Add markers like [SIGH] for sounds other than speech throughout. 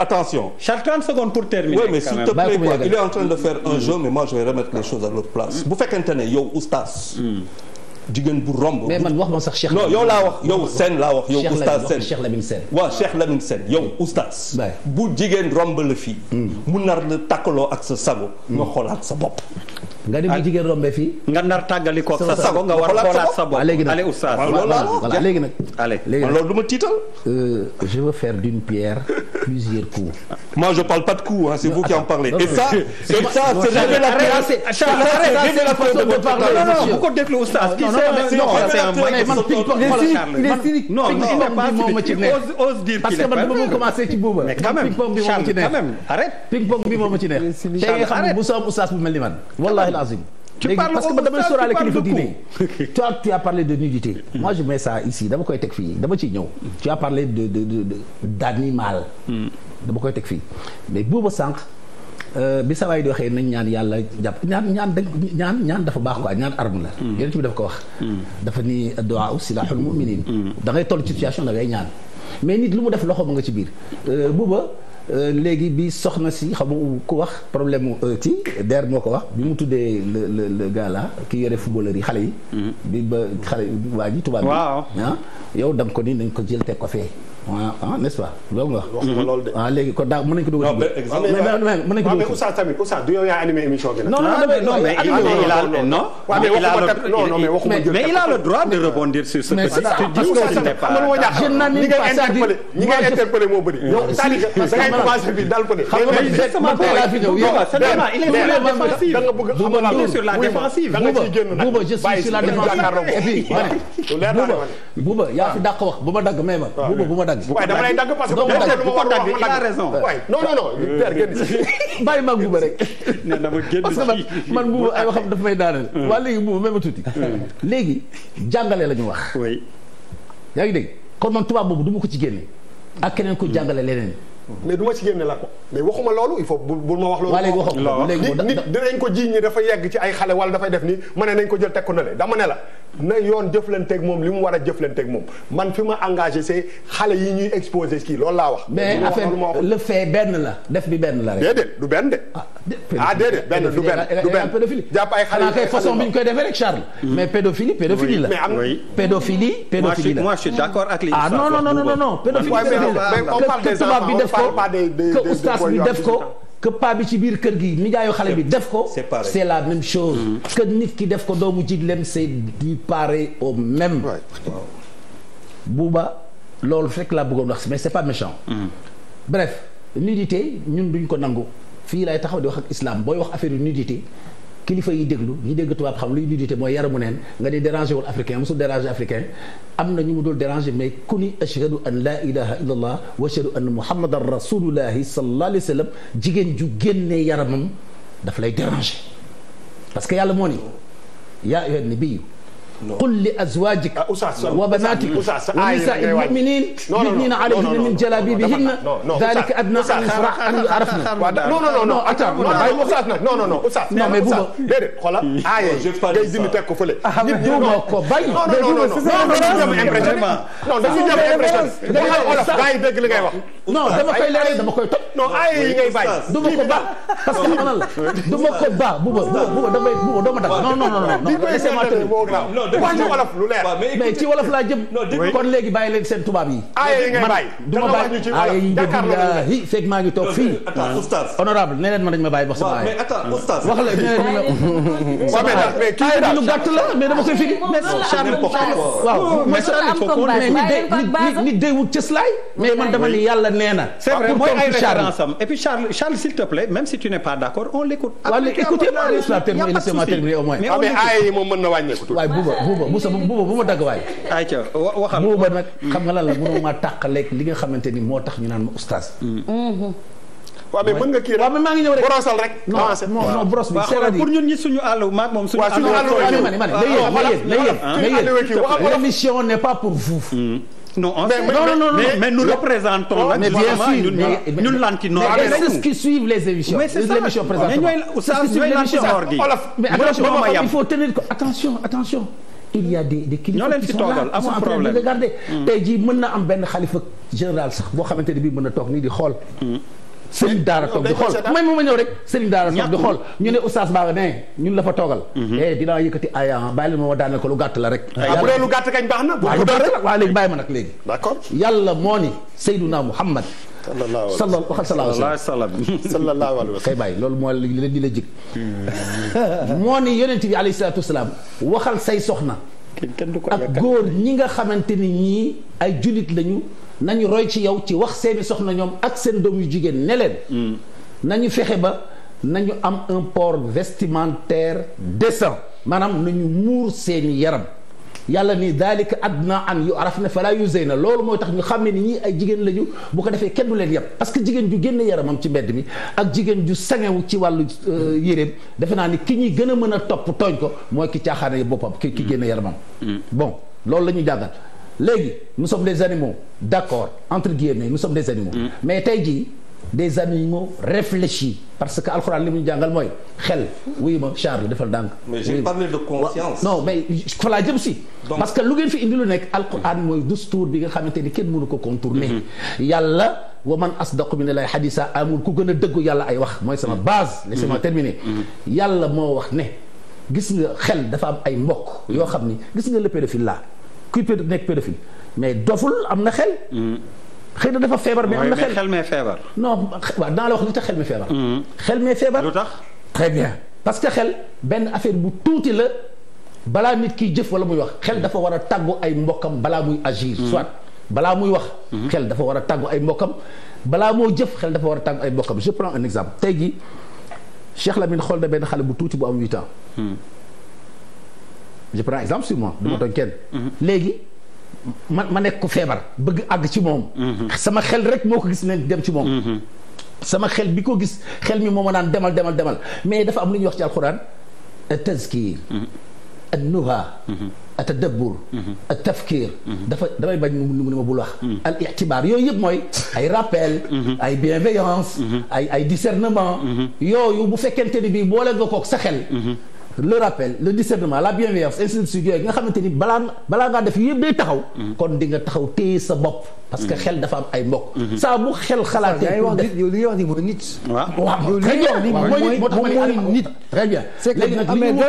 attention. Charles 30 secondes pour terminer. oui mais s'il te plaît quoi il est en train de faire un mm. jeu mais moi je vais remettre les choses à leur place. Mm. bu fekkente ne yow oustaz. Mm. jigéen bu romb. mais man wax ma sax Cheikh. non yow laa wax yow Sène laa wax yow. oustaz Sène Cheikh Lamine Sène. waaw Cheikh Lamine Sène yow oustaz. bu jigéen romb la fii. mu nar la takkaloo ak sa sago. nga xoolaat sa bopp. nga ni bu jigéen rombe fii. nga nar tàggali koog sa sago nga war a xoolaat sa bopp léegi nag allez oustaz voilà loolu du ma tiital. Euh, je veux faire d'une pierre [LAUGHS] plusieurs coups. moi je parle pas de coups hein c'est vous qui en parlez. et ça et ça c'est révélateur de parler non non bu ko déglu oustaz. non non non non non non ose dire parce que ma commencé ci booba. mais ping pong bi moom ma ci ma ci bu soom oustaz bu mel ni wallahi lazim léegi parce que damay sóoraale kilifa diine tu de nudité moi je mets ça ici dama koy teg fii dama ciy ñëw tu as parlé de de de d'animal dama koy teg fii mais booba sànq euh, bi sa waay di waxee nañ ñaan yàlla jàpp ñaan ñaan da ñaan ñaan dafa baax quoi ñaan arme la mm. yonent bi dafa ko wax mm. dafa ni du'a silahul mu'minin mm. da ngay toll ci situation da ngay ñaan mais nit lu mu def loxo ma nga ci biir euh, booba léegi bi soxna si xam nga ku wax problème mu ci euh, der moo ko wax bi mu tuddee le le le gars ki yore footballeur yi xale yi. Mm-hmm. bi ba xale waa ji tubaab bi. waaw ah, yow da ko ni nañ ko jël teg ko fee. ah n'est-ce pas loolu nga wax nga loolu de ah léegi kon daaw mën nañu ko dugal mais mën nañu ko dugal oustaz tamit oustaz du yow yaa animé émission bi non non non mais il a non mais il a le droit de rebondir sur ce que tu dis je n'anime pas ça ñi ngay interpellé moo bëri yow da ngay commencé bi dal ko de sama père a fi ñëw yow vraiment il est sur la défensive da nga bëgg il est sur la défensive da nga ci génn nag Bouba je suis sur la défensive et puis Bouba Bouba yaa fi dàq wax bu ma dagg may ma Bouba bu ma dagg bu ko dama lay dagg parce que bu ko daggee a que man man buuba ay waxam dafa may daaneel hmm. waa léegi buuba même tuuti hmm. léegi jàngale la ñu wax yaa ngi dégg kon man tubaab boobu du ma ko ci génne ak keneen ku hmm. jàngale leneen mais du ma ci génne la ko mais waxuma loolu il faut bu ma wax loolu ko jiiñ dafa yegg ci ay xale dafay def ni ma ne nañ ko jël teg ko na le dama ne la na yoon jëflanteeg moom li mu war a jëflanteeg moom man fi ma engagé c'est xale yi ñuy exposé si loolu laa wax. mais affaire le fait benn la def bi benn la rek. déedéet du benn de. ah, ah déedéet benn du benn du benn pédophilie jàpp ay koy defee rek Charles. Mm-hmm. mais pédophilie pédophilie la. mais ah non non non non pédophilie pédophilie la. mais on parle des enfants on parle bi def ko. que bi ci biir kër gi nijaayu xale bi def ko c'est la même chose mm-hmm. que nit ki def ko doomu jiglem c'est du pareil au même buuba loolu fekk laa bëggoon wax mais c'est pas méchant mm-hmm. bref nudité ñun duñ ko nangu fii lay taxaw di wax ak islam booy wax affaire yu nudité kilifa yi déglu ñi dégg tubaab xam luy nudité mooy yaramu neen nga di dérangé wul africain mosul dérangé africain am na ñu mu dul dérangé mais ku ni an la ilaha illa allah wa ashhadu anna muhammadan ju génnee yaramam daf lay dérangé parce que yàlla moo ni yaa ayyuhan nabiyyu qul li azwaajik wa banaatik wa a l-mu'miniin yudniina alayhinna a jalaabiibihinna daalika adnaa an yu'rafna non non non attends non non non Oustaz non mais buuba déedéet xoolal aaye ngay dindi teg ko fële duuma ko bañ non non non non dañu ba parce que xamal ba ci wolof lu leer mais ci wolof laa jëm. kon léegi bàyyi leen seen tubaab yi. aaya yi ngay bàyyi du ma bàyyi aaya yi nga fekk maa ngi toog fii. honorable nee leen ma dañ ma bàyyi wax sama aaya. wax la nee leen ma. mais kii daal lu gàtt la mais dama koy firi. waaw mais nit day wut cëslaay. mais man dama ni yàlla nee na. c'est vrai ah, mooy ay référence am et puis Charles Charles s'il te plaît même si tu n'es pas d'accord on l'écoute. waaw écoutez-moi laissez-moi terminer au moins. Ah, waaye buuba buuba Moussa buuba bu ma dagg waay. ayca waxal buuba nag xam nga lan la mënoo maa tàqaleeg li nga xamante ni moo tax ñu naan ma oustaz. Mm-hmm. waaw mais mën nga kii rek waaw mais maa ngi ñëw rek borosal rek. avancé non non boros bi c'est-à-dire pour ñun ñi suñu àll maag moom suñu àll. waaw ma ne ma ne mais l'émission n'est pas pour vous. Mm. non on mais non non mais nous représentons. mais bien sûr ñun lantinoor mais c'est ce qui suivent les émissions. mais c'est ça les émissions présentement. mais ñooy la oustaz ñooy lantinoor gi. mais attention il faut tenir attention attention. il y a des des kilifa ñoo leen hmm. tey jii mën na am benn xalifa général sax boo xamante ne bii mën na toog nii di xool. Hmm. sëriñ daara toog di xool may ma ma ñëw rek sëriñ daara toog di xool ñu ne oustaz Baba ne ñun la fa toogal hmm. eh dinaa yëkkati aya ah, bàyyi leen ma moo daaneel ko lu gàtt la rek ah, ah, bu dee lu gàtt kañ baax baay waaw léegi bàyyi ma nag léegi d'accord yàlla moo ni Seyduna Muhammad sallallahu alayhi wa sallam sallallahu alayhi wa sallam kay bàyyi loolu moo li leen di la jig moo ni yonent bi alayhi salaatu wasalaam waxal say soxna ak góor ñi nga xamante ni ñii ay jullit lañu nañu roy ci yow ci wax seeni soxna ñoom ak seen doom yu jigéen ne leen mm. nañu fexe ba nañu am un port vestimentaire décent maanaam nañu muur seeni yaram yàlla ni daalika adna an yu araf na fala yu zeyna loolu mooy tax ñu xam ni ñii ay jigéen lañu bu ko defee kenn du leen yàpp parce que jigéen ju génne yaramam ci mbedd mi ak jigéen ju sangewu ci wàllu euh, yéreem defe naa ni ki ñuy gën a mën a topp tooñ ko mooy ki caaxaane boppam ki ki génne yaramam mm. bon loolu la ñu jàngal léegi nous sommes des animaux d'accord entre guillemets nous sommes des animaux mm. mais tey jii des animaux réfléchis parce que alxuraan li mu ñu jàngal mooy xel. wuyu ma Charles defal dànk. mais j'ai parlé de conscience. non mais fa laa jëm si. parce que lu ngeen fi indi lu nekk alxuraan mooy dustuur bi nga xamante ni kenn mënu ko contourner. Mm-hmm. yàlla wa man asdaqu min allahi xadisa amul ku gën a dëggu yàlla ay wax mooy sama mm-hmm. base. laissez-moi mm-hmm. terminer. yàlla moo wax ne. gis nga xel dafa am ay mbokk. yoo xam ni gis nga le pédophile laa kuy péd nekk pédophile mais doful am na xel. xëy na dafa feebar. mais am na xel mais feebar. non waaw dinaa la wax lu tax xel mi feebar. Mm-hmm. xel mi feebar lu tax. très bien parce que xel benn affaire bu tuuti la balaa nit kiy jëf wala muy wax xel dafa war a tàggu ay mbokkam balaa muy agir. Mm-hmm. soit balaa muy wax. Mm-hmm. xel dafa war a tàggu ay mbokkam balaa moo jëf xel dafa war a tàggu ay mbokkam je prends un exemple tey jii Cheikh Lamine xool na benn xale bu tuuti bu am 8 ans. kenn léegi. ma ma nekk ko feebar bëgg àgg ci moom. Mm-hmm. sama xel rek moo ko gis ne dem ci moom. Mm-hmm. sama xel bi ko gis xel mi moo ma naan demal demal demal mais dafa am lu ñuy wax ci alxuraan tazkiir. Mm-hmm. annuha atadabbur at tafkir dafa damay bañ mu ne ma bul wax al itibaar yooyu yëpp mooy ay rappel ay bienveillance ay ay discernement yooyu bu fekkente ni bi boole nga kook sa xel le rappel le discernement la bienveillance ainsi nga xamante ni balaa balaa ngaa def yëpp day taxaw. Mhm. kon di nga taxaw téye sa bopp. parce que mhm. xel dafa am ay mbokk. Mhm. saa bu xel xalaatee. wax nit yow li ngay wax ni mooy nit. waaw waaw très bien nit. très bien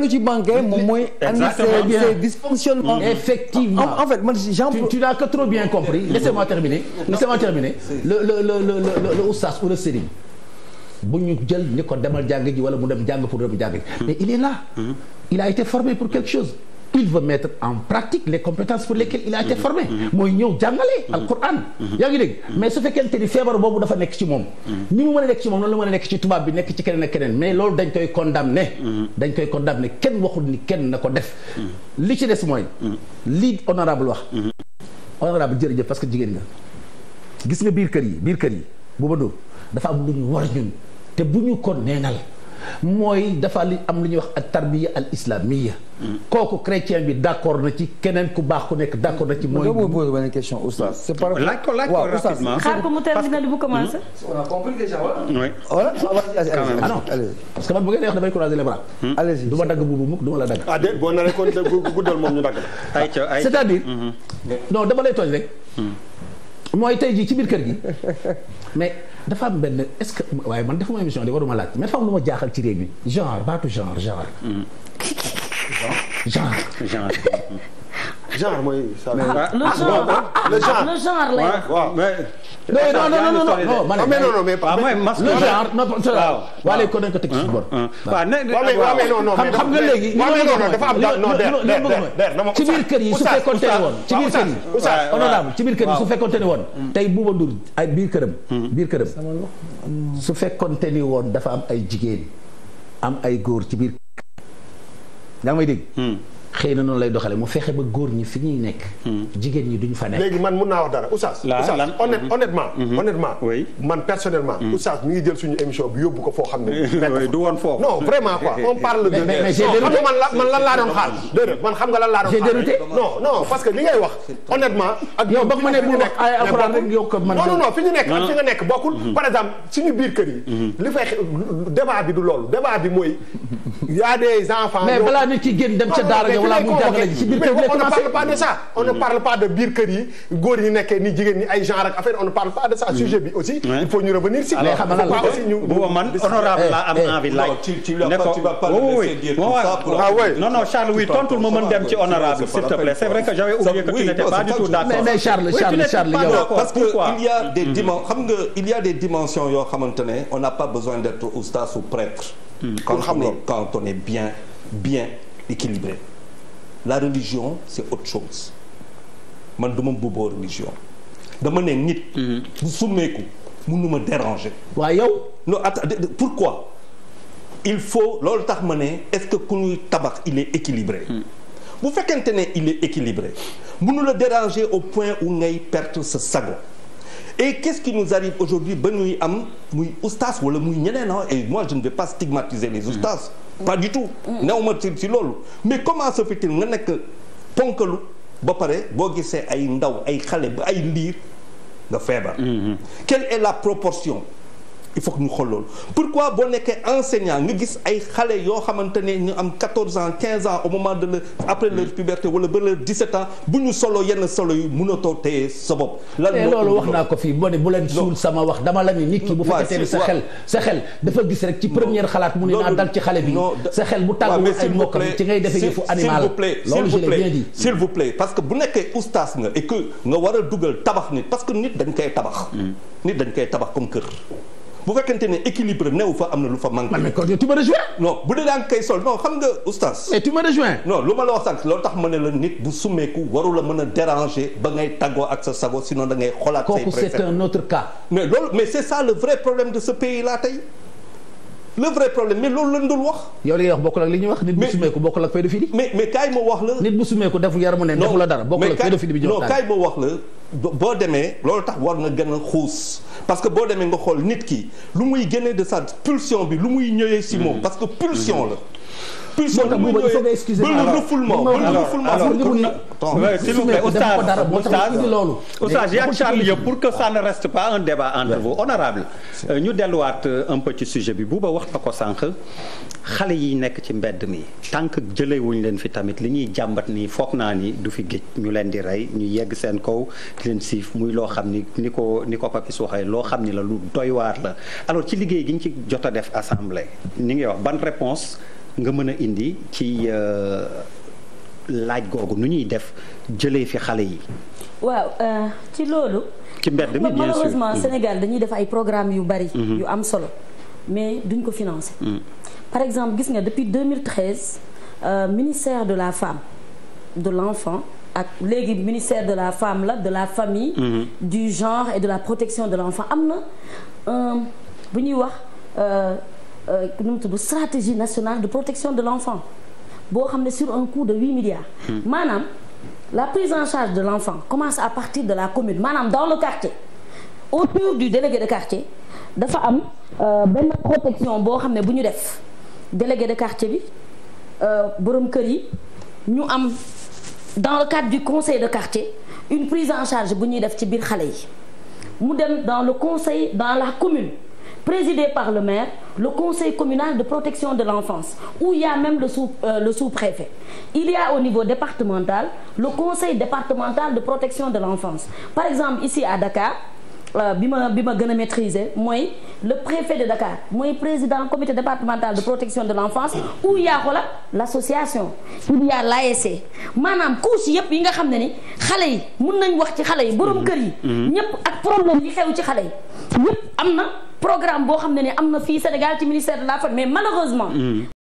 léegi nag li moom mooy. exactement bien ses dysfonctionnements. effectivement en fait man j' en. tu n' as que trop bien compris laissez-moi terminer. laissez le le ou le sëriñ. bu ñu jël ñi ko demal jàng ji wala mu dem jàng pour dem jàng ji mais il est là il a été formé pour quelque chose il veut mettre en pratique les compétences pour lesquelles il a été formé mooy ñëw jàngale alquran yaa ngi dégg mais su fekkente ni feebar boobu dafa nekk ci moom ni mu mën a nekk ci moom noonu la mën a nekk ci tubaab bi nekk ci keneen ak keneen mais loolu dañ koy condamné dañ koy condamné kenn waxul ni kenn na ko def li ci des mooy lii honorable wax honorable jërëjëf parce que jigéen nga gis nga biir kër yi biir kër yi bu ma dafa am lu ñu te bu ñu ko neenal mooy dafa li am lu ñuy wax ak tarbiya al islamiyya kooku chrétien bi d' na ci keneen ku baax ku nekk d' accord na ci. mooy nga posé benn question oustaz. c' est par rapport laaj ko bu hmm? a compris déjà oui voilà ah non parce bu ngeen wax damay croiser les bras. Hmm? allez-y dagg buubu mukk du la dagg. ah déet boo naree kon guddal moom ñu la. ay ca ay c' est à dire. Hmm. non dama lay tooñ rek. mooy tey jii ci biir kër gi dafa am benn est-ce que waaye man defuma émission di waruma laaj mais dafa am lu ma jaaxal ci réew mi genre baatu genre genre. genre genre. genre mooy. Ah, ah, le genre le genre non non non non ma ne non non mais pas le genre non waaw léegi kon dañ ko teg ci bor waaw mais non non xam nga léegi dafa am non der ci biir kër yi su fekkoon te ne woon ci biir kër yi honorable ci biir kër yi su fekkoon te ne woon tey Bouba Ndour ay biir këram biir këram su fekkoon te ni woon dafa am ay jigéen am ay góor ci biir yaa ngi may dégg xëy na noonu lay doxale mu fexe ba góor ñi fi ñuy nekk. Hmm. jigéen ñi duñ fa nekk. man mun naa wax dara Oustaz. Oustaz mi hmm. hmm. ngi jël suñu émission bi yóbbu ko foo xam ne. [LAUGHS] du woon foofu non vraiment quoi on [LAUGHS] parle de. mais man la man lan laa doon xaar. déedéet man xam nga lan laa doon xaar. j'ai dérouté non non ñu biir kër yi. bi du loolu débat bi mooy. y a des enfants balaa ñu ci génn dem ca daara wala mu jàngale ji ci biir kër on ne parle pas de ça on ne parle pas de biir kër yi góor yi nekkee ni jigéen ñi ay genre ak affaire on ne parle pas de ça sujet bi aussi il faut ñu revenir si mais xam nga pas aussi ñu bu man honorable la am envie laaj non non Charles oui tontul ma mën dem ci honorable s'il te plaît c'est vrai que j'avais oublié que tu n'étais pas du tout d'accord mais Charles Charles Charles parce que il y a des hmm. dimensions xam nga il y a des dimensions yoo xamante ne on n'a pas besoin d'être oustaz ou prêtre hmm. quand on est bien bien équilibré la religion c'est autre chose man du ma mbubboo religion dama ne nit. Mhm. bu summeeku mënuma déranger. waaw yow. non attends pourquoi. il faut loolu tax ma ne est-ce que ku ñuy tabax il est équilibré. Mhm. bu fekkente ne il est équilibré mënu la déranger au point où ngay perdre sa sago. et qu'est-ce qui nous arrive aujourd'hui ba ñuy am muy oustaz wala muy ñeneen ah et moi je ne vais pas stigmatiser les mhm. oustaz. pas du tout. Mm. néew ma ci ci loolu mais comment se fait nga nekk ponkalu ba pare boo gisee ay ndaw ay xale ba ay liir nga feebar. Mm-hmm. quelle est la proportion. il faut ñu xool loolu pourquoi boo nekkee enseignant nga gis ay xale yoo xamante ne ñu am 14 ans 15 ans au de le après leur mm. puberté wala ba leur 17 ans bu ñu solo yenn solo yi mënatoo téye sa bopp. lan loolu wax naa ko fii boo ne bu leen suul sama wax dama la ni nit ki bu fekkee ne sa xel sa xel dafa gis rek ci première xalaat mu ne naa dal ci xale bi sa xel bu tàgguwul ay mbokkam ci ngay defee yëfu animal loolu je l'ai bien dit s'il vous plaît parce que bu nekkee oustaz nga et que nga war a dugal tabax nit parce que nit dañ koy tabax mm. nit dañ koy tabax comme kër bu fekkente ne équilibre néew fa am na lu fa manqué. mais kon tu me rejoins. non bu dee daa nga koy sol non xam nga oustaz. mais tu me rejoins. non lu loolu tax ma ne la nit bu summeeku waru la a déranger ba ngay tàggoo ak sa sago sinon da ngay xoolaat. say préfet kooku c'est un autre mais loolu la c'est wax. yow li ngay wax bokkul ak li ñuy wax. nit bu bokk bokkul ak pédophile. mais mais kaay ma wax la. nit bu sumeeku defu yaramu ne defu la dara. bokkul ak pédophile bi ñu wax non kaay ma wax la. boo demee loolu tax war nga a xuus parce que boo demee nga xool nit ki lu muy génnee de sa pulsion bi lu muy ñëwee si moom mm-hmm. parce que pulsion la mm-hmm. pulsion bi muy ñëwee ba le refoulement ba le refoulement oustaz yaakaar yëpp pour que ça ne reste pas un débat entre vous honorable euh, ñu delluwaat euh, un peu ci sujet bi bu ba wax na ko sànq xale yi nekk ci mbedd mi tànk jëlee wuñ leen fi tamit li ñuy jàmbat nii foog naa ni du fi géej ñu leen di rey ñu yegg seen kaw di leen siif muy loo xam ni ni ko ni ko papis waxee loo xam ni la lu doy waar la alors ci liggéey gi ñu ci jot a def assemblée ñu ngi wax ban réponse nga mën a indi ci euh, laaj googu nu ñuy def jëlee fi xale yi. waaw euh, ci loolu. ci mbedd mi bien malheureusement mm. Sénégal dañuy def ay programmes yu bari. Mm-hmm. yu am solo mais duñ ko financer. Mm. par exemple gis nga depuis 2013 euh, ministère de la femme de l'enfant ak léegi ministère de la femme la de la famille. Mm-hmm. du genre et de la protection de l'enfant am na bu ñuy wax. nu euh, mu tudd stratégie nationale de protection de l'enfant boo xam ne sur un coût de huit milliards. Hmm. maanaam la prise en charge de l'enfant commence à partir de la commune maanaam dans le quartier autour du délégué de quartier dafa am euh, benn protection boo xam ne bu ñu def délégué de quartier bi euh, borom kër yi ñu am dans le cadre du conseil de quartier une prise en charge bu ñuy def ci biir xale yi mu dem dans le conseil dans la commune. présidé par le maire le conseil communal de protection de l'enfance où il a même le sous euh, le sous-préfet il y au niveau départemental le conseil départemental de protection de l'enfance par exemple ici à Dakar euh, bi ma bi ma gën a maîtriser mooy le préfet de Dakar mooy président commité départemental de protection de l'enfance où il y a xoolal l'association il y a l'ASC maanaam couche yëpp yi nga xam ne ni xale yi mun nañ wax ci xale yi boroom kër yi mm-hmm. ñëpp ak problème yi ci xale yi programme boo xam ne ne am na fii Sénégal ci ministère de la femme mais malheureusement. Mm.